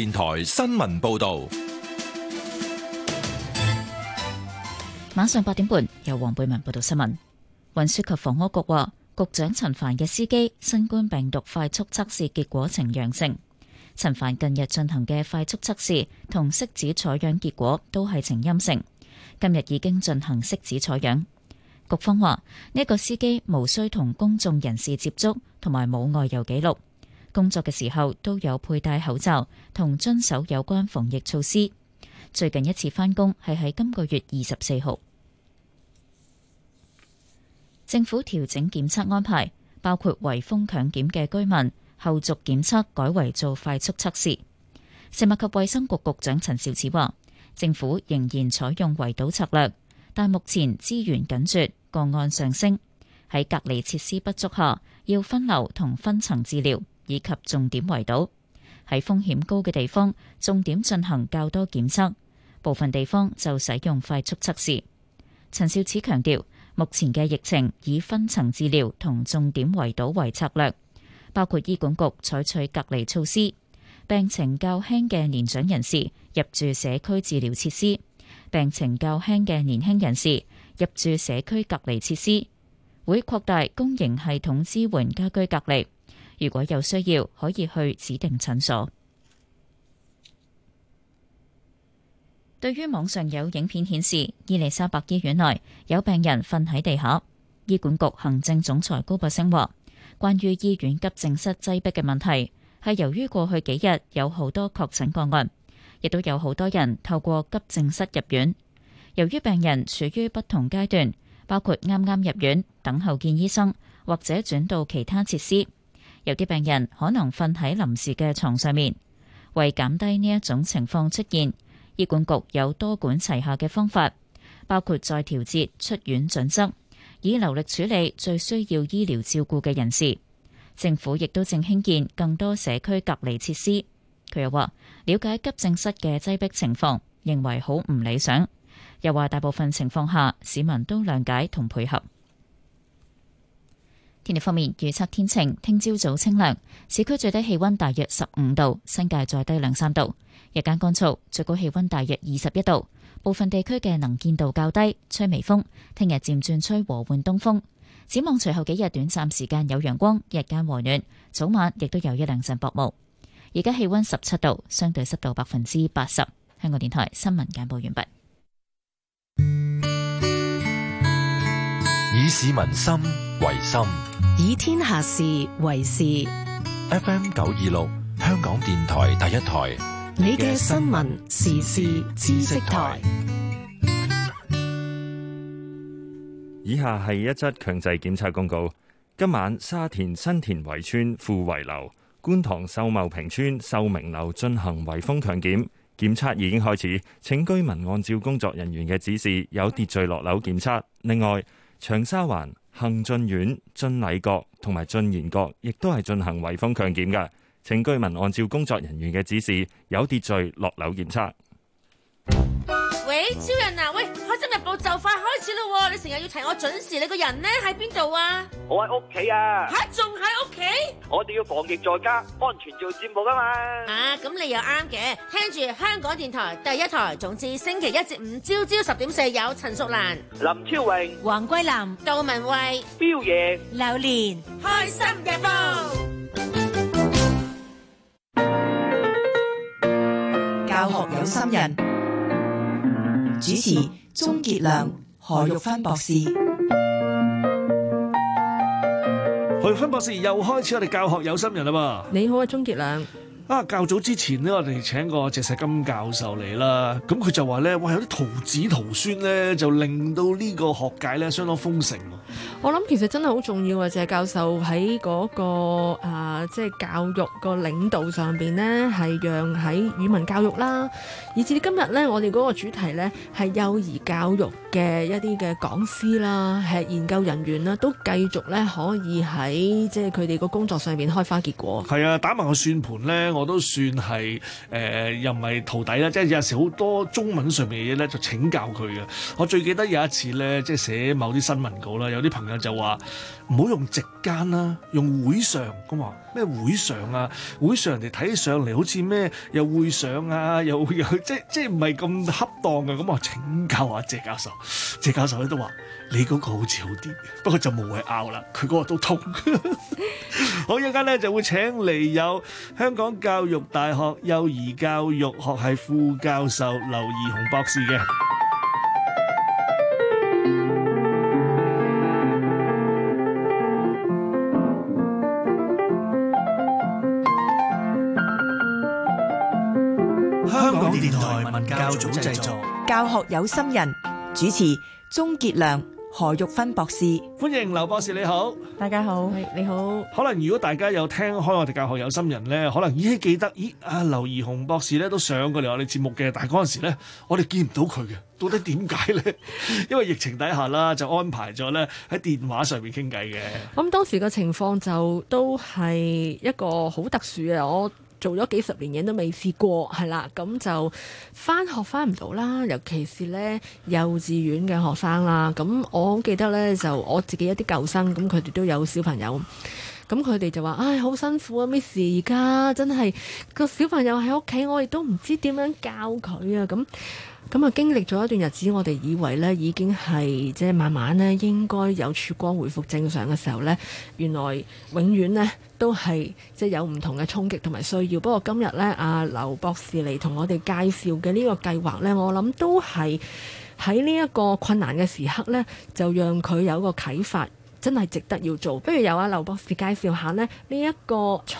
電台新聞報道，晚上八點半由黃貝文報道新聞。運輸及房屋局話，局長陳凡嘅司機新冠病毒快速測試結果呈陽性。陳凡近日進行嘅快速測試同拭子採樣結果都係呈陰性，今日已經進行拭子採樣。局方話呢個司機無需同公眾人士接觸，同埋冇外遊記錄。工作嘅時候都有佩戴口罩，同遵守有關防疫措施。最近一次翻工係喺今個月二十四號。政府調整檢測安排，包括圍封強檢嘅居民後續檢測改為做快速測試。食物及衛生局局長陳肇始話，政府仍然採用圍堵策略，但目前資源緊絕，個案上升，喺隔離設施不足下，要分流同分層治療。以及重點圍堵喺風險高嘅地方，重點進行較多檢測；部分地方就使用快速測試。陳肇始強調，目前嘅疫情以分層治療同重點圍堵為策略，包括醫管局採取隔離措施，病情較輕嘅年長人士入住社區治療設施，病情較輕嘅年輕人士入住社區隔離設施，會擴大公營系統支援家居隔離。如果有需要，可以去指定診所。對於網上有影片顯示，伊利沙伯醫院內有病人瞓喺地下。醫管局行政總裁高拔陞話，關於醫院急症室擠迫嘅問題，係由於過去幾日有好多確診個案，亦都有好多人透過急症室入院。由於病人處於不同階段，包括啱啱入院、等候見醫生或者轉到其他設施。有啲病人可能瞓喺臨時嘅床上面，為減低呢一種情況出現，醫管局有多管齊下嘅方法，包括再調節出院準則，以留力處理最需要醫療照顧嘅人士。政府亦都正興建更多社區隔離設施。佢又話了解急症室嘅擠迫情況，認為好唔理想。又話大部分情況下，市民都諒解同配合。天氣方面，預測天晴，聽朝早清涼，市區最低氣溫大約十五度，新界再低兩三度。日間乾燥，最高氣溫大約二十一度，部分地區嘅能見度較低，吹微風。聽日漸轉吹和緩東風，展望隨後幾日短暫時間有陽光，日間和暖，早晚亦都有一兩陣薄霧。而家氣溫十七度，相對濕度百分之八十。香港電台新聞簡報完畢。以市民心為心。以天下事為事。FM 九二六，香港電台第一台，你嘅新聞時事知識台。以下係一則強制檢測公告。今晚沙田新田圍村富圍樓、觀塘秀茂坪村秀明樓進行圍封強檢，檢測已經開始，請居民按照工作人員嘅指示，有秩序落樓檢測。另外，長沙灣。恒俊苑、俊禮閣同埋俊賢閣，亦都係進行圍封強檢嘅，請居民按照工作人員嘅指示，有秩序落樓檢測。喂，超人啊！喂，開心日報就快開始啦喎，你成日要提我準時，你個人呢？喺邊度啊？我喺屋企啊！吓，仲喺。我哋要防疫在家安全做節目噶嘛？啊，咁你又啱嘅。聽住香港電台第一台，總之星期一至五朝朝十點四有陳淑蘭、林超榮、黃桂林、杜文慧、標爺、劉蓮、開心日報、教學有心人，主持鍾杰良、何玉芬博士。去分博士又開始我哋教學有心人啦噃！你好啊，鍾杰良。啊，較早之前呢，我哋請過謝錫金教授嚟啦，咁佢就話咧，喂，有啲徒子徒孫咧，就令到呢個學界咧相當豐盛，啊。我諗其實真係好重要啊，謝教授喺嗰、那個啊，即、呃、係、就是、教育個領導上邊呢，係讓喺語文教育啦，以至今日咧，我哋嗰個主題咧係幼兒教育嘅一啲嘅講師啦，係研究人員啦，都繼續咧可以喺即係佢哋個工作上面開花結果。係啊，打埋個算盤咧。我都算係誒、呃、又唔係徒弟啦，即係有時好多中文上面嘅嘢咧，就請教佢嘅。我最記得有一次咧，即係寫某啲新聞稿啦，有啲朋友就話唔好用直。間啦，用會上㗎嘛，咩會上啊？會上人哋睇起上嚟，好似咩又會上啊？又又即即唔係咁恰當嘅，咁我請教阿謝教授，謝教授咧都話你嗰個好似好啲，不過就冇謂拗啦，佢嗰個都痛。 好，一間咧就會請嚟有香港教育大學幼兒教育學系副教授劉怡虹博士嘅。香港電台文教組製作《教學有心人》，主持鍾傑良、何玉芬博士。歡迎劉博士，你好，大家好，你好。可能如果大家有聽開我哋《教學有心人》咧，可能依稀記得，咦？阿劉怡虹博士咧都上過嚟我哋節目嘅，但係嗰陣時咧，我哋見唔到佢嘅，到底點解咧？因為疫情底下啦，就安排咗咧喺電話上面傾偈嘅。咁當時個情況就都係一個好特殊嘅我，做咗幾十年嘢都未試過，係啦，咁就返學返唔到啦，尤其是呢幼稚園嘅學生啦。咁我好記得呢，就我自己一啲舊生，咁佢哋都有小朋友，咁佢哋就話：唉、哎，好辛苦啊，Miss，而家真係個小朋友喺屋企，我亦都唔知點樣教佢啊，咁，咁啊，經歷咗一段日子，我哋以為咧已經係即係慢慢咧應該有曙光回復正常嘅時候咧，原來永遠咧都係即係有唔同嘅衝擊同埋需要。不過今日咧，阿、啊、劉博士嚟同我哋介紹嘅呢個計劃咧，我諗都係喺呢一個困難嘅時刻咧，就讓佢有個啟發。真係值得要做，不如由阿劉博士介紹下呢，呢一個賽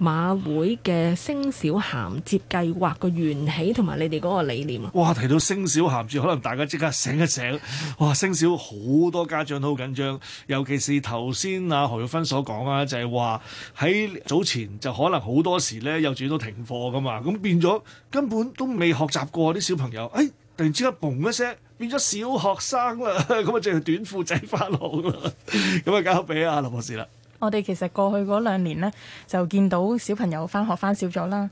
馬會嘅升小銜接計劃個緣起同埋你哋嗰個理念啊！哇，提到升小銜接，可能大家即刻醒一醒。哇，升小好多家長都好緊張，尤其是頭先阿何玉芬所講啊，就係話喺早前就可能好多時咧幼稚園都停課㗎嘛，咁變咗根本都未學習過啲小朋友，哎。突然之間，嘣一聲，變咗小學生啦！咁啊，著住短褲仔返學啦！咁 啊，交俾阿劉博士啦。我哋其實過去嗰兩年呢，就見到小朋友返學返少咗啦。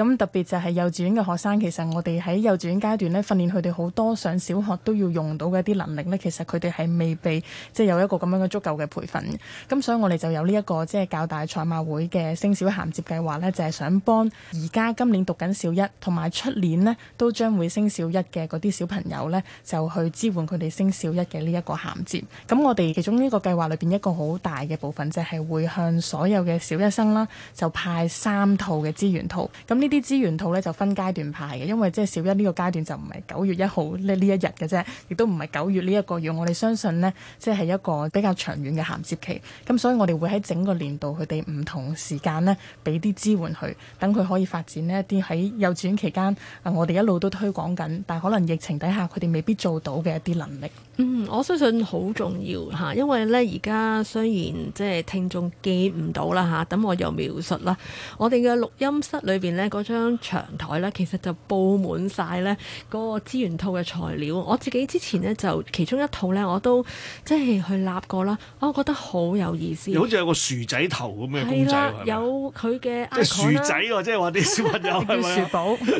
咁特別就係幼稚園嘅學生，其實我哋喺幼稚園階段咧訓練佢哋好多上小學都要用到嘅一啲能力咧，其實佢哋係未被即係、就是、有一個咁樣嘅足夠嘅培訓，咁、嗯、所以我哋就有呢、這、一個即係、就是、教大賽馬會嘅升小銜接計劃咧，就係、是、想幫而家今年讀緊小一同埋出年咧都將會升小一嘅嗰啲小朋友咧，就去支援佢哋升小一嘅呢一個銜接。咁、嗯、我哋其中呢個計劃裏邊一個好大嘅部分，就係、是、會向所有嘅小一生啦，就派三套嘅資源圖。咁、嗯、呢啲資源套咧就分階段派嘅，因為即係小一呢個階段就唔係九月一號呢呢一日嘅啫，亦都唔係九月呢一個月。我哋相信呢，即係一個比較長遠嘅銜接期。咁所以我哋會喺整個年度佢哋唔同時間呢，俾啲支援佢，等佢可以發展呢一啲喺幼稚園期間啊，我哋一路都推廣緊，但係可能疫情底下佢哋未必做到嘅一啲能力。嗯，我相信好重要嚇，因為咧而家雖然即係聽眾見唔到啦嚇，等我又描述啦，我哋嘅錄音室裏邊咧嗰張長台咧，其實就佈滿晒咧嗰個資源套嘅材料。我自己之前咧就其中一套咧我都即係去立過啦，我覺得好有意思。好似有個薯仔頭咁嘅公仔，係咪、啊？係係有佢嘅薯仔喎、啊， 即係話啲小朋友係咪？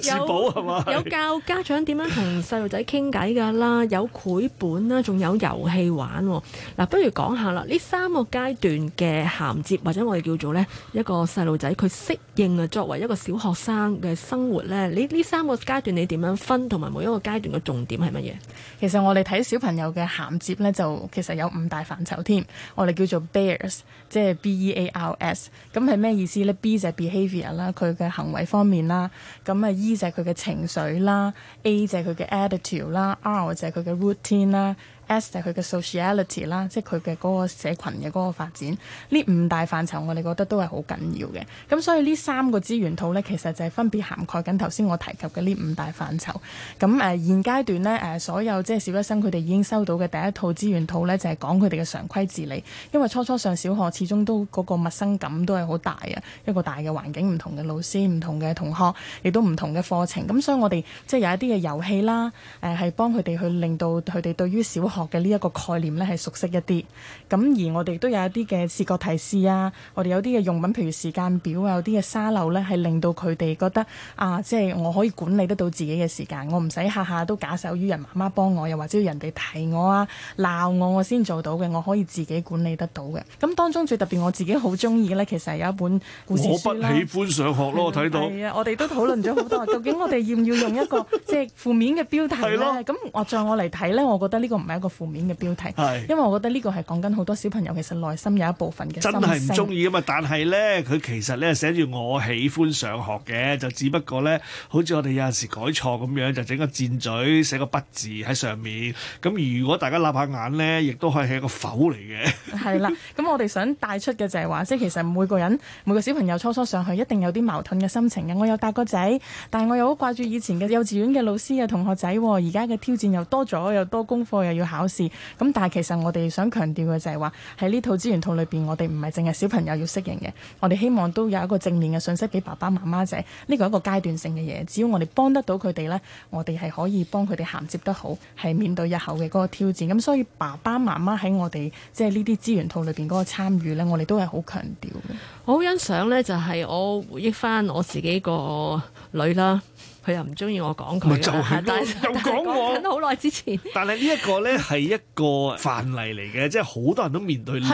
叫薯寶嘛？有教家長點樣同細路仔傾偈㗎啦，有繪本。仲有遊戲玩嗱、哦啊，不如講下啦。呢三個階段嘅銜接，或者我哋叫做呢一個細路仔佢適應啊，作為一個小學生嘅生活咧。呢三個階段你點樣分，同埋每一個階段嘅重點係乜嘢？其實我哋睇小朋友嘅銜接呢，就其實有五大範疇添。我哋叫做 bears，即係 b e a r s。咁係咩意思呢？b 就係 behavior 啦，佢嘅行為方面啦。咁啊，E 就係佢嘅情緒啦，A 就係佢嘅 attitude 啦，R 就係佢嘅 routine 啦。S, S 就係佢嘅 sociality 啦，即係佢嘅個社群嘅個發展。呢五大範疇，我哋覺得都係好緊要嘅。咁所以呢三個資源套咧，其實就係分別涵蓋緊頭先我提及嘅呢五大範疇，咁誒現階段咧誒所有即係、就是、小一生佢哋已經收到嘅第一套資源套咧，就係講佢哋嘅常規治理。因為初初上小學始終都、嗰個陌生感都係好大啊，一個大嘅環境，唔同嘅老師，唔同嘅同學亦都唔同嘅課程。咁所以我哋即係有一啲嘅遊戲啦，誒係幫佢哋去令到佢哋對於小學學嘅呢一個概念咧係熟悉一啲，咁而我哋都有一啲嘅視覺提示啊，我哋有啲嘅用品，譬如時間表啊，有啲嘅沙漏咧，係令到佢哋覺得啊，即係我可以管理得到自己嘅時間，我唔使下下都假手於人，媽媽幫我，又或者人哋提我啊、鬧我，我先做到嘅，我可以自己管理得到嘅。咁當中最特別我自己好中意嘅咧，其實有一本故事書，我不喜歡上學咯，我睇到，係啊，我哋都討論咗好多， 究竟我哋要唔要用一個即係負面嘅標題咧？咁我在我嚟睇咧，我覺得呢個唔係一個。負面嘅標題，是因為我覺得呢個係講緊好多小朋友其實內心有一部分嘅，真係唔中意啊嘛！但係呢，佢其實呢寫住我喜歡上學嘅，就只不過呢，好似我哋有陣時改錯咁樣，就整個箭嘴寫個不字喺上面。咁、嗯、如果大家立下眼呢，亦都可以係一個否嚟嘅。係啦，咁 我哋想帶出嘅就係話，即係其實每個人每個小朋友初初上去一定有啲矛盾嘅心情嘅。我有大個仔，但係我又好掛住以前嘅幼稚園嘅老師嘅同學仔，而家嘅挑戰又多咗，又多功課又要。又考試咁，但係其實我哋想強調嘅就係話，喺呢套資源套裏邊，我哋唔係淨係小朋友要適應嘅，我哋希望都有一個正面嘅信息俾爸爸媽媽仔。呢個係一個階段性嘅嘢，只要我哋幫得到佢哋呢，我哋係可以幫佢哋銜接得好，係面對日後嘅嗰個挑戰。咁所以爸爸媽媽喺我哋即係呢啲資源套裏邊嗰個參與呢，我哋都係好強調嘅。我好欣賞呢，就係我回憶翻我自己個女啦。佢又唔中意我講佢，就但係又講我。好耐之前，但係呢一個咧係一個範例嚟嘅， 即係好多人都面對你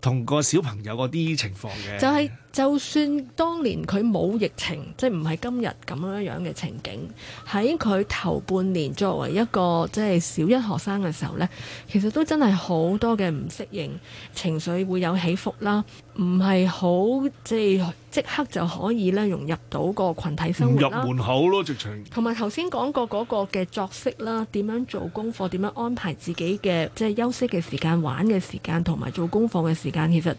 同個、啊、小朋友嗰啲情況嘅。就係、是。就算當年佢冇疫情，即係唔係今日咁樣樣嘅情景，喺佢頭半年作為一個即係、就是、小一學生嘅時候呢，其實都真係好多嘅唔適應，情緒會有起伏啦，唔係好即係即刻就可以咧融入到個群體生活入門口咯，直情。同埋頭先講過嗰個嘅作息啦，點樣做功課，點樣安排自己嘅即係休息嘅時間、玩嘅時間同埋做功課嘅時間，其實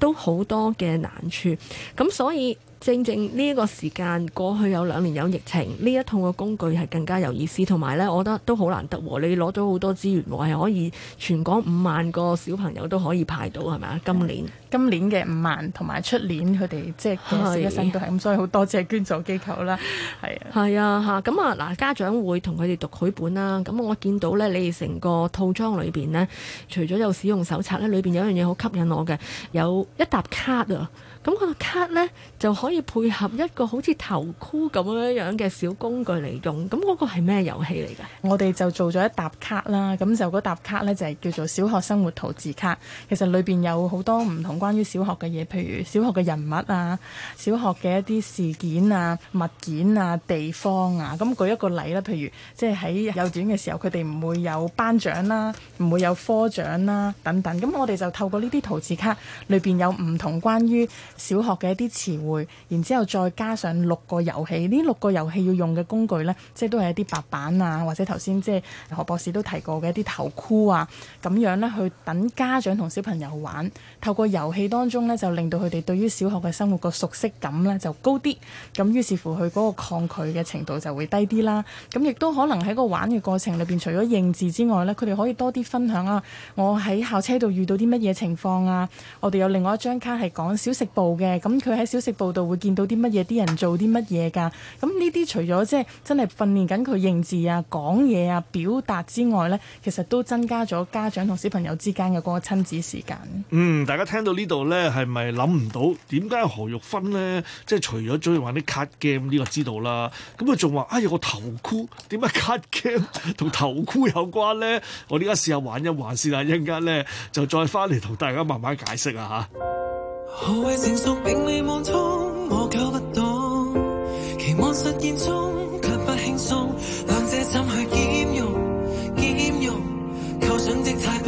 都好多嘅難處。咁所以。正正呢一個時間過去有兩年有疫情，呢一套嘅工具係更加有意思，同埋呢，我覺得都好難得喎。你攞到好多資源，我係可以全港五萬個小朋友都可以排到，係咪啊？今年、嗯、今年嘅五萬同埋出年佢哋即係一生一世都係咁，係，所以好多謝捐助機構啦。係啊，係啊嚇，咁啊嗱、啊，家長會同佢哋讀繪本啦、啊。咁我見到呢，你哋成個套裝裏邊呢，除咗有使用手冊咧，裏邊有一樣嘢好吸引我嘅，有一沓卡啊。咁、個卡呢，就可。可以配合一個好似頭箍咁樣樣嘅小工具嚟用，咁嗰個係咩遊戲嚟㗎？我哋就做咗一沓卡啦，咁就嗰沓卡呢，就係叫做小學生活圖字卡。其實裏邊有好多唔同關於小學嘅嘢，譬如小學嘅人物啊、小學嘅一啲事件啊、物件啊、地方啊。咁舉一個例啦，譬如即係喺幼稚園嘅時候，佢哋唔會有班長啦、啊，唔會有科長啦、啊、等等。咁我哋就透過呢啲圖字卡，裏邊有唔同關於小學嘅一啲詞彙。然之後再加上六個遊戲，呢六個遊戲要用嘅工具呢，即係都係一啲白板啊，或者頭先即係何博士都提過嘅一啲頭箍啊，咁樣呢，去等家長同小朋友玩。透過遊戲當中咧，就令到佢哋對於小學嘅生活個熟悉感咧就高啲，咁於是乎佢嗰個抗拒嘅程度就會低啲啦。咁亦都可能喺個玩嘅過程裏邊，除咗認字之外呢，佢哋可以多啲分享啊，我喺校車度遇到啲乜嘢情況啊。我哋有另外一張卡係講小食部嘅，咁佢喺小食部度會見到啲乜嘢，啲人做啲乜嘢㗎。咁呢啲除咗即係真係訓練緊佢認字啊、講嘢啊、表達之外呢，其實都增加咗家長同小朋友之間嘅嗰個親子時間。嗯。大家聽到呢度咧，係咪諗唔到點解何玉芬咧，即係除咗中意玩啲 cut game 呢個知道啦？咁佢仲話：哎呀，個頭箍點解 cut game 同頭箍有關咧？我呢家試下玩一玩先啦，一陣間咧就再翻嚟同大家慢慢解釋啊吓。何謂成熟？並未看透，我做不到，期望實現中卻不輕鬆，兩者怎去兼容，兼容的嚇。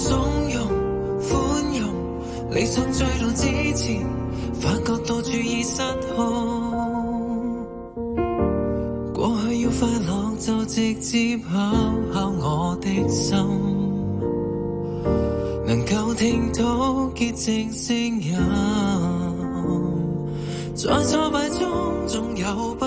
縱容寬容，理想再到之前，發覺到處已失控。過去要快樂，就直接敲敲我的心，能夠聽到潔淨聲音，在挫敗中總有。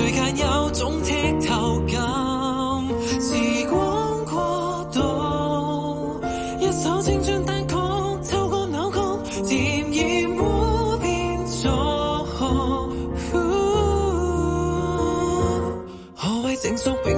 最近有種剔透感，時光過渡，一首青春單曲，透過扭曲，漸染污變作何？何謂成熟？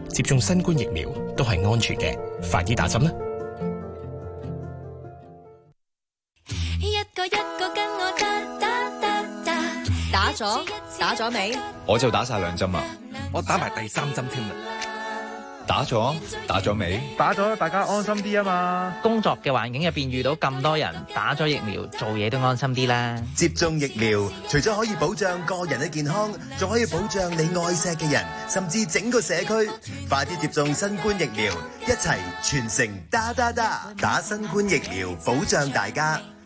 接種新冠疫苗都係安全嘅，快啲打針啦！一個一個跟我打打打打，打咗打咗未？ 我就打晒兩針啊，我打埋第三針添啦。打咗，打咗未？打咗，大家安心啲啊嘛！工作嘅環境入邊遇到咁多人打咗疫苗，做嘢都安心啲啦。接種疫苗，除咗可以保障個人嘅健康，仲可以保障你愛錫嘅人，甚至整個社區。快啲接種新冠疫苗，一齊全城打打打，打新冠疫苗保障大家。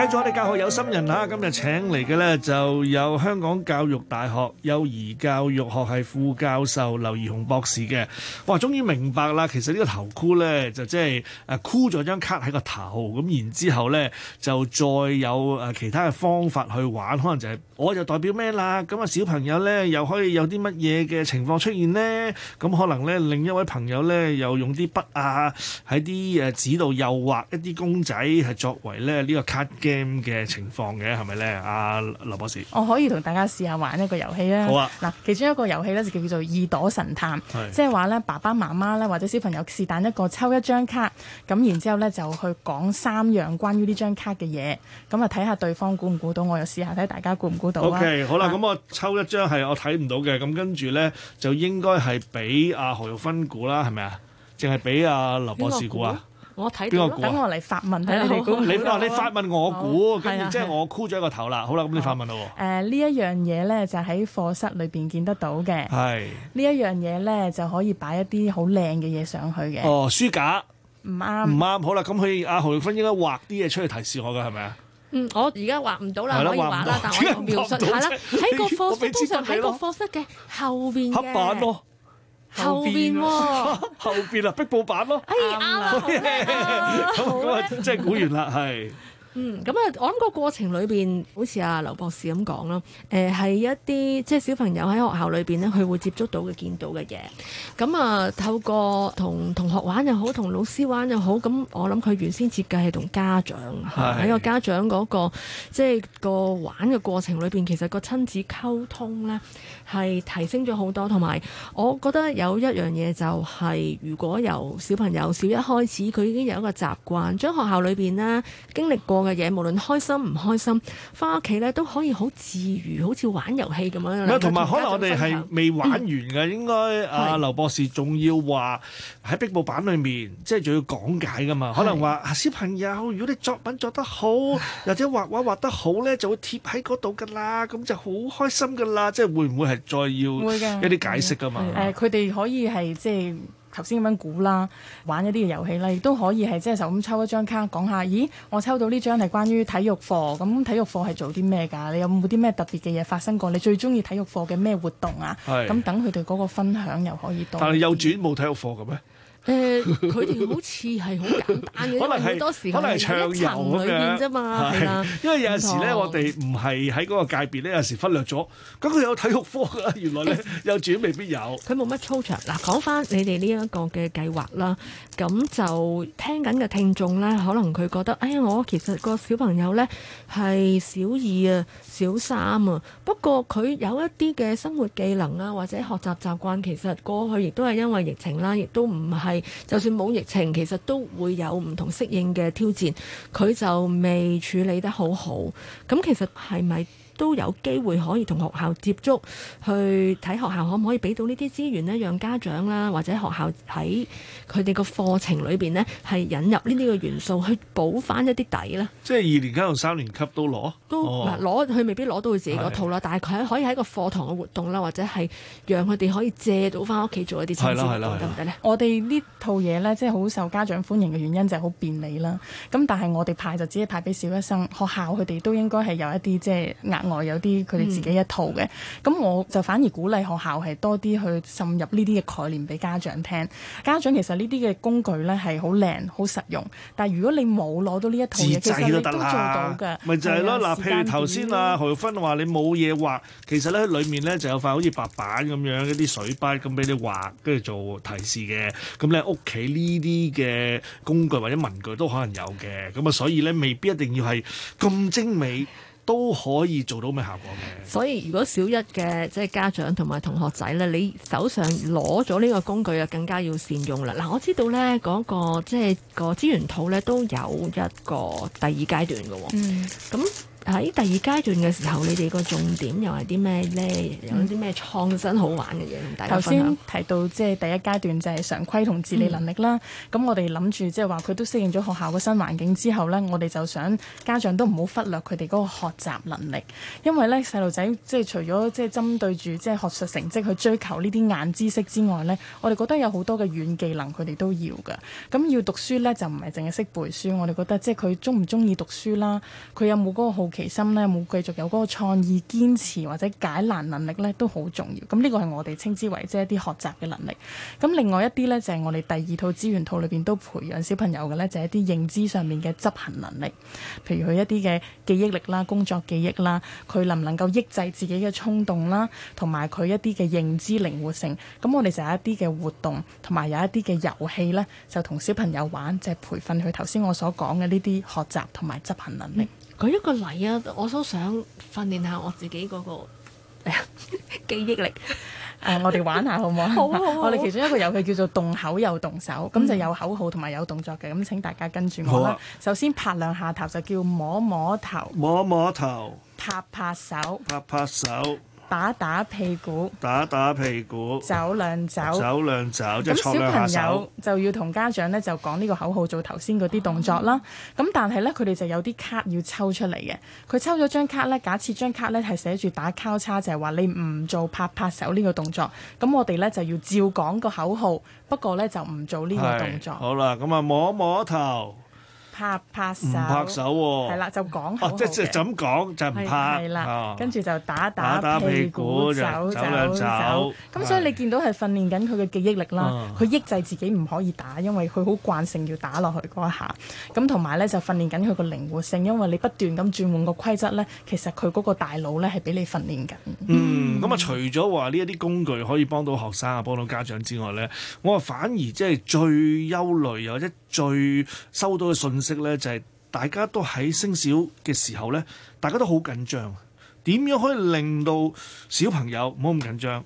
睇咗我哋教學有心人哈，今日請嚟嘅咧就有香港教育大學幼兒教育學系副教授劉怡虹博士嘅。哇，終於明白啦，其實呢個頭箍咧就即係誒箍咗張卡喺個頭，咁然之後咧就再有誒、啊、其他嘅方法去玩，可能就係、是。我就代表咩啦？咁啊，小朋友咧又可以有啲乜嘢嘅情況出現咧？咁可能咧，另一位朋友咧又用啲筆啊喺啲誒紙度又畫一啲公仔，係作為咧呢、呢個 card game 嘅情況嘅，係咪咧？阿、啊、劉博士，我可以同大家試下玩一個遊戲啊！好啊！嗱，其中一個遊戲咧就叫做耳朵神探，是即係話咧爸爸媽媽咧或者小朋友是但一個抽一張卡，咁然之後咧就去講三樣關於呢張卡嘅嘢，咁啊睇下對方估唔估到，我又試下睇大家估唔估。Okay，好啦，咁我抽一張係我睇唔到嘅，咁跟住咧就應該係俾阿何玉芬估啦，係咪啊？淨係俾阿劉博士估啊？我睇到，等我嚟發問睇 你哋估 你你發問我估，跟住即係我箍咗一個頭啦。好啦，咁你發問啦。誒、嗯，啊、呢一樣嘢咧就喺、是、課室裏邊見得到嘅。係、哎、呢一樣嘢咧就可以擺一啲好靚嘅嘢上去嘅。哦，書架。唔啱對，唔啱對。好啦，咁佢阿何玉芬應該畫啲嘢出嚟提示我噶，係咪啊？嗯，我而家畫唔到啦，可以畫啦，但係我描述下啦，喺個課室通常喺個課室嘅後邊黑板咯，後邊喎，後邊啊，壁布板咯，哎啱啦，咁啊真係估完啦，係。嗯，咁啊，我諗個過程裏邊好似阿劉博士咁講啦，誒、呃、係一啲即係小朋友喺學校裏邊咧，佢會接觸到嘅、見到嘅嘢。咁啊、呃，透過同同學玩又好，同老師玩又好，咁我諗佢原先設計係同家長喺個的家長、嗰個即係個玩嘅過程裏邊其實個親子溝通咧係提升咗好多。同埋我覺得有一樣嘢就係、是、如果由小朋友小一開始，佢已經有一個習慣將學校裏邊咧經歷過嘅嘢，無論開心唔開心，翻屋企咧都可以好自如，好似玩遊戲咁樣。啊、嗯，同埋可能我哋係未玩完嘅，嗯、應該是啊，劉博士仲要話喺壁報板裏面，即係仲要講解噶嘛。可能話是、啊、小朋友，如果你作品作得好， 或者畫畫畫得好咧，就會貼喺嗰度噶啦，咁就好開心噶啦。即係會唔會係再要的一啲解釋噶嘛？誒嗎，佢哋可以係即係。頭先咁樣估啦，玩一啲嘅遊戲啦，亦都可以係即係就咁抽一張卡，講下。咦，我抽到呢張係關於體育課。咁，體育課係做啲咩㗎？你有冇啲咩特別嘅嘢發生過？你最中意體育課嘅咩活動啊？咁等佢哋嗰個分享又可以多。但係幼轉冇體育課嘅咩？誒，佢哋好似係好簡單嘅，可能係多時可能係一層裏面啫嘛，係啦。因為有陣時咧，我哋唔係喺嗰個界別咧，有時忽略咗。咁佢有體育科啊，原來咧幼稚園未必有。佢冇乜操場嗱，講翻你哋呢一個嘅計劃啦。咁就聽緊嘅聽眾咧，可能佢覺得，哎呀，我其實個小朋友咧係小二啊、小三啊，不過佢有一啲嘅生活技能啊或者學習習慣，其實過去亦都係因為疫情啦，亦都唔係。就算冇疫情，其實都會有唔同適應嘅挑戰。佢就未處理得好好。咁其實係咪？都有機會可以同學校接觸，去睇學校可唔可以俾到呢啲資源呢，讓家長啦或者學校喺佢哋個課程裏邊呢，係引入呢啲嘅元素，去補翻一啲底啦。即係二年級同三年級都攞，都唔攞，佢未必攞到佢自己個套啦，的但係佢可以喺個課堂嘅活動啦，或者係讓佢哋可以借到翻屋企做一啲親子活動得唔得咧？我哋呢套嘢呢，即係好受家長歡迎嘅原因就係、是、好便利啦。咁但係我哋派就只係派俾小一生，學校佢哋都應該係有一啲即係外有啲佢哋自己一套嘅，咁、嗯、我就反而鼓勵學校係多啲去滲入呢啲嘅概念俾家長聽。家長其實呢啲嘅工具咧係好靚、好實用，但係如果你冇攞到呢一套嘢，自製都得啦。都做到嘅，咪就係咯，嗱，譬如頭先啊何玉芬話你冇嘢畫，其實咧裡面咧就有塊好似白板咁樣一啲水筆咁俾你畫，跟住做提示嘅。咁咧屋企呢啲嘅工具或者文具都可能有嘅。咁啊，所以咧未必一定要係咁精美。都可以做到咩效果？所以如果小一嘅即係家長同埋同學仔咧，你手上攞咗呢個工具啊，更加要善用啦。嗱，我知道咧、那、嗰個即係、就是、個資源套咧，都有一個第二階段嘅喎。嗯，咁。喺第二階段嘅時候，你哋個重點又係啲咩呢？嗯、有啲咩創新好玩嘅嘢同大家分享。頭先提到即係第一階段就係常規同自理能力啦。咁、嗯、我哋諗住即係話佢都適應咗學校個新環境之後呢，我哋就想家長都唔好忽略佢哋嗰個學習能力，因為呢，細路仔即係除咗即係針對住即係學術成績去追求呢啲硬知識之外呢，我哋覺得有好多嘅軟技能佢哋都要㗎。咁要讀書呢，就唔係淨係識背書，我哋覺得即係佢鍾唔鍾意讀書啦，佢有冇嗰個好奇。其心呢，冇繼續有嗰個創意、堅持或者解難能力呢，都好重要。咁呢個係我哋稱之為即係一啲學習嘅能力。咁另外一啲呢，就係我哋第二套資源套裏邊都培養小朋友嘅呢，就係一啲認知上面嘅執行能力，譬如佢一啲嘅記憶力啦、工作記憶啦，佢能唔能夠抑制自己嘅衝動啦，同埋佢一啲嘅認知靈活性。咁我哋就有一啲嘅活動，同埋有一啲嘅遊戲呢，就同小朋友玩，就係培訓佢頭先我所講嘅呢啲學習同埋執行能力。嗯舉一個例啊！我都想訓練下我自己嗰、那個誒 記憶力。誒，uh, 我哋玩下好唔好？ 好，好。我哋其中一個遊戲叫做動口又動手，咁、嗯、就有口號同埋有動作嘅。咁請大家跟住我啦。啊、首先拍兩下頭就叫摸摸頭，摸摸頭，拍拍手，拍拍手。打打屁股，打打屁股，走兩走，走兩走。咁小朋友就要同家長咧就講呢個口號，做頭先嗰啲動作啦。咁、嗯、但係咧佢哋就有啲卡要抽出嚟嘅。佢抽咗張卡咧，假設張卡咧係寫住打交叉，就係、是、話你唔做拍拍手呢個動作。咁我哋咧就要照講個口號，不過咧就唔做呢個動作。好啦，咁啊摸摸頭。拍拍手，係啦，就講下，哦，即係即係，就咁講就係唔拍，跟住就打打屁股，就走兩走。咁所以你見到係訓練緊佢嘅記憶力啦，佢抑制自己唔可以打，因為佢好慣性要打落去嗰一下。咁同埋咧就訓練緊佢個靈活性，因為你不斷咁轉換個規則咧，其實佢嗰個大腦咧係俾你訓練緊。嗯，咁啊，除咗話呢一啲工具可以幫到學生啊，幫到家長之外咧，我啊反而即係最憂慮又或者最收到嘅信息咧就係大家都喺升小嘅時候咧，大家都好緊張。點樣可以令到小朋友唔好咁緊張，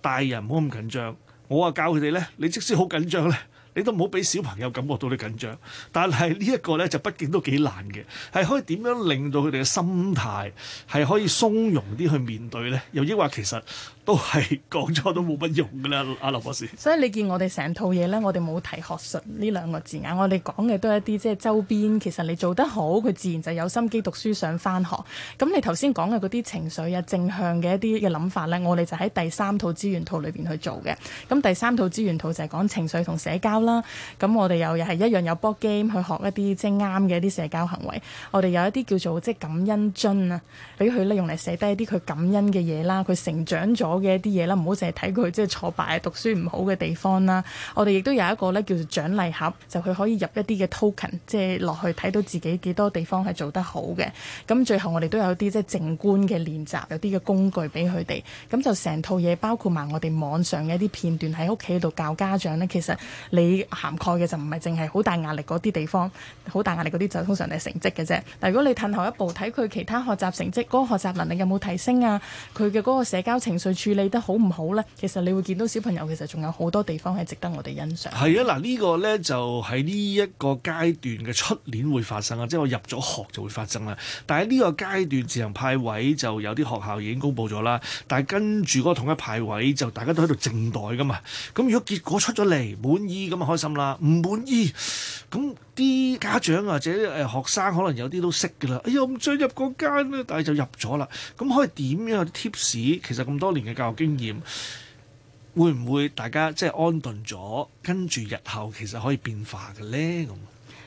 大人唔好咁緊張？我話教佢哋咧，你即使好緊張咧，你都唔好俾小朋友感覺到你緊張。但係呢一個咧就畢竟都幾難嘅，係可以點樣令到佢哋嘅心態係可以鬆容啲去面對咧？又抑或其實？都係講咗都冇乜用㗎啦，阿、啊、劉博士。所以你見我哋成套嘢呢，我哋冇提學術呢兩個字眼，我哋講嘅都係一啲即係周邊。其實你做得好，佢自然就有心機讀書想返學。咁你頭先講嘅嗰啲情緒啊、正向嘅一啲嘅諗法呢，我哋就喺第三套資源套裏邊去做嘅。咁第三套資源套就係講情緒同社交啦。咁我哋又又係一樣有 board game 去學一啲即係啱嘅一啲社交行為。我哋有一啲叫做即係、就是、感恩樽啊，俾佢呢用嚟寫低一啲佢感恩嘅嘢啦。佢成長咗嘅一啲嘢啦，唔好淨係睇佢即係挫敗、讀書唔好嘅地方啦。我哋亦都有一個咧叫做獎勵盒，就佢可以入一啲嘅 token，即係落去睇到自己幾多地方係做得好嘅。咁最後我哋都有啲即係靜觀嘅練習，有啲嘅工具俾佢哋。咁就成套嘢包括埋我哋網上嘅一啲片段喺屋企度教家長咧。其實你涵蓋嘅就唔係淨係好大壓力嗰啲地方，好大壓力嗰啲就通常係成績嘅啫。但係如果你褪後一步睇佢其他學習成績，嗰個學習能力有冇提升啊？佢嘅嗰個社交情緒處理得好唔好咧？其實你會見到小朋友其實仲有好多地方係值得我哋欣賞。係啊，嗱呢個咧就喺呢一個階段嘅出年會發生啊，即係我入咗學就會發生啦。但係呢個階段自行派位就有啲學校已經公布咗啦。但係跟住嗰個統一派位就大家都喺度靜待㗎嘛。咁如果結果出咗嚟滿意咁就開心啦，唔滿意咁啲家長或者誒學生可能有啲都識㗎啦。哎呀唔想入嗰間啦，但係就入咗啦。咁可以點樣？有啲 tips 其實咁多年教育經驗會唔會大家即係安頓咗，跟住日後其實可以變化嘅呢噉？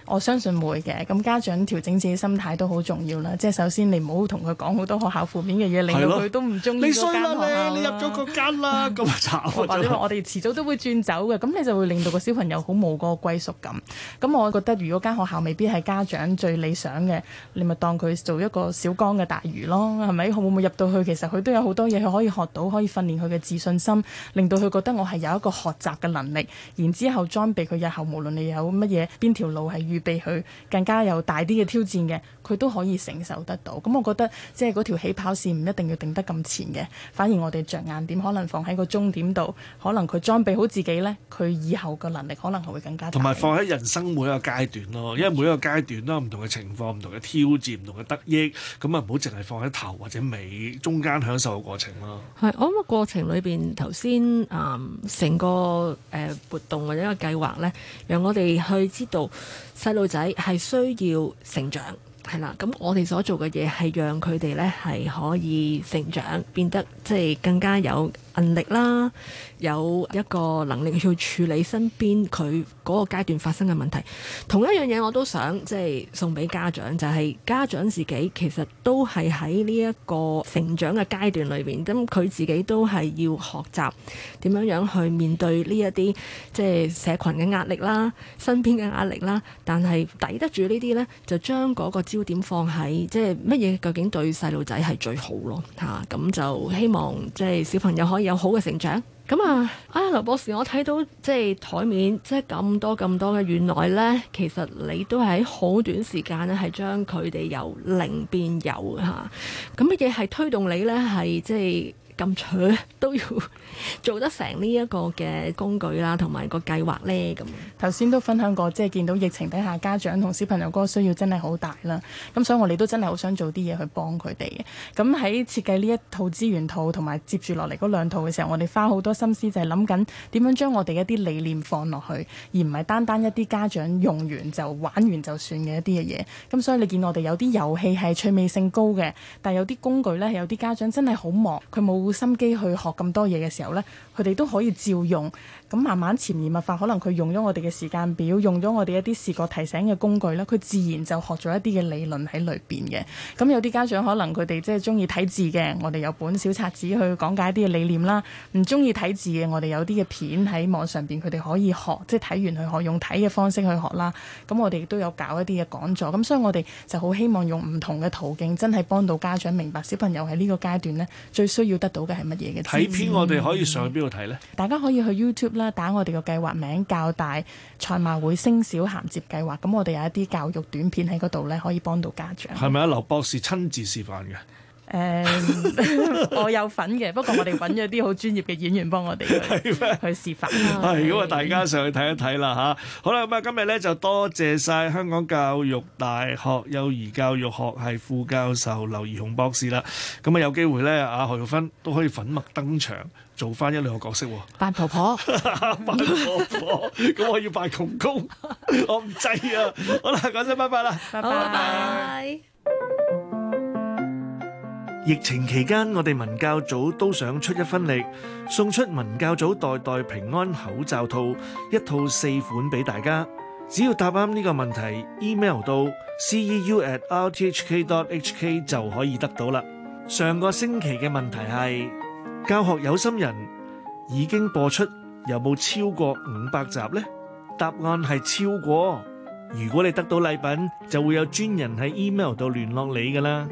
我相信會嘅，咁家長調整自己心態都好重要啦。即係首先你唔好同佢講好多學校負面嘅嘢，的令到佢都唔中意嗰間學校咯。你衰啦，你入咗嗰間啦，咁慘。 或者話我哋遲早都會轉走嘅，咁你就會令到個小朋友好冇個歸屬感。咁我覺得如果間學校未必係家長最理想嘅，你咪當佢做一個小江嘅大魚咯，係咪？會唔會入到去？其實佢都有好多嘢佢可以學到，可以訓練佢嘅自信心，令到佢覺得我係有一個學習嘅能力。然之後裝備佢日後無論你有乜嘢邊條路係。預備佢更加有大啲嘅挑戰嘅，佢都可以承受得到。咁我覺得即係嗰條起跑線唔一定要定得咁前嘅，反而我哋着眼點可能放喺個終點度，可能佢裝備好自己呢，佢以後嘅能力可能係會更加大。同埋放喺人生每一個階段咯，因為每一個階段啦，唔同嘅情況、唔同嘅挑戰、唔同嘅得益，咁啊唔好淨係放喺頭或者尾，中間享受個過程咯。係，我諗個過程裏邊頭先啊，成、呃、個誒、呃、活動或者一個計劃呢，讓我哋去知道。細路仔係需要成長。係啦，咁我哋所做嘅嘢係讓佢哋咧係可以成長，變得即係更加有韌力啦，有一個能力去處理身邊佢嗰個階段發生嘅問題。同一樣嘢我都想即係送俾家長，就係家長自己其實都係喺呢一個成長嘅階段裏邊，咁佢自己都係要學習點樣樣去面對呢一啲即係社群嘅壓力啦、身邊嘅壓力啦。但係抵得住呢啲呢，就將嗰個，焦點放喺即係乜嘢？究竟對細路仔係最好咯？吓，咁就希望即係小朋友可以有好嘅成長。咁啊，啊， 劉博士，我睇到即係台面即係咁多咁多嘅，原來呢，其實你都係好短時間呢，係將佢哋由零變有吓。咁乜嘢係推動你呢，係即係。 咁取都要做得成呢一個嘅工具啦，同埋個計劃咧咁。頭先都分享過，即係見到疫情底下家長同小朋友嗰個需要真係好大啦。咁所以，我哋都真係好想做啲嘢去幫佢哋嘅。咁喺設計呢一套資源套同埋接住落嚟嗰兩套嘅時候，我哋花好多心思就係諗緊點樣將我哋一啲理念放落去，而唔係單單一啲家長用完就玩完就算嘅一啲嘅嘢。咁所以你見我哋有啲遊戲係趣味性高嘅，但係有啲工具咧，有啲家長真係好忙，佢冇。冇心機去學咁多嘢嘅時候咧，佢哋都可以照用。咁慢慢潛移默化，可能佢用咗我哋嘅時間表，用咗我哋一啲視覺提醒嘅工具咧，佢自然就學咗一啲嘅理論喺裏邊嘅。咁有啲家長可能佢哋即係中意睇字嘅，我哋有本小冊子去講解一啲嘅理念啦。唔中意睇字嘅，我哋有啲嘅片喺網上邊，佢哋可以學，即係睇完去學，用睇嘅方式去學啦。咁我哋亦都有搞一啲嘅講座。咁所以我哋就好希望用唔同嘅途徑，真係幫到家長明白小朋友喺呢個階段呢，最需要得到嘅係乜嘢嘅？睇片我哋可以上去邊度睇呢？大家可以去 YouTube 啦。打我哋個計劃名較大賽馬會升小銜接計劃，咁我哋有一啲教育短片喺嗰度呢，可以幫到家長。係咪啊？劉博士親自示範嘅。誒、嗯， 我有份嘅，不過我哋揾咗啲好專業嘅演員幫我哋去，嗎去示範。如果大家上去睇一睇啦吓。好啦，咁啊，今日呢，就多謝晒香港教育大學幼兒教育學系副教授劉怡虹博士啦。咁啊，有機會呢，阿何玉芬都可以粉墨登場。做翻一兩個角色喎，扮婆婆，扮婆婆，咁我要扮窮公，我唔制啊！好啦，講聲拜拜啦，拜拜！疫情期間，我哋文教組都想出一分力，送出文教組代代平安口罩套一套四款俾大家。只要答啱呢個問題，email 到 c e u at r t h k dot h k 就可以得到啦。上個星期嘅問題係。教學有心人已經播出，有冇超過五百集呢？答案係超過。如果你得到禮品，就會有專人喺 email 度聯絡你噶啦。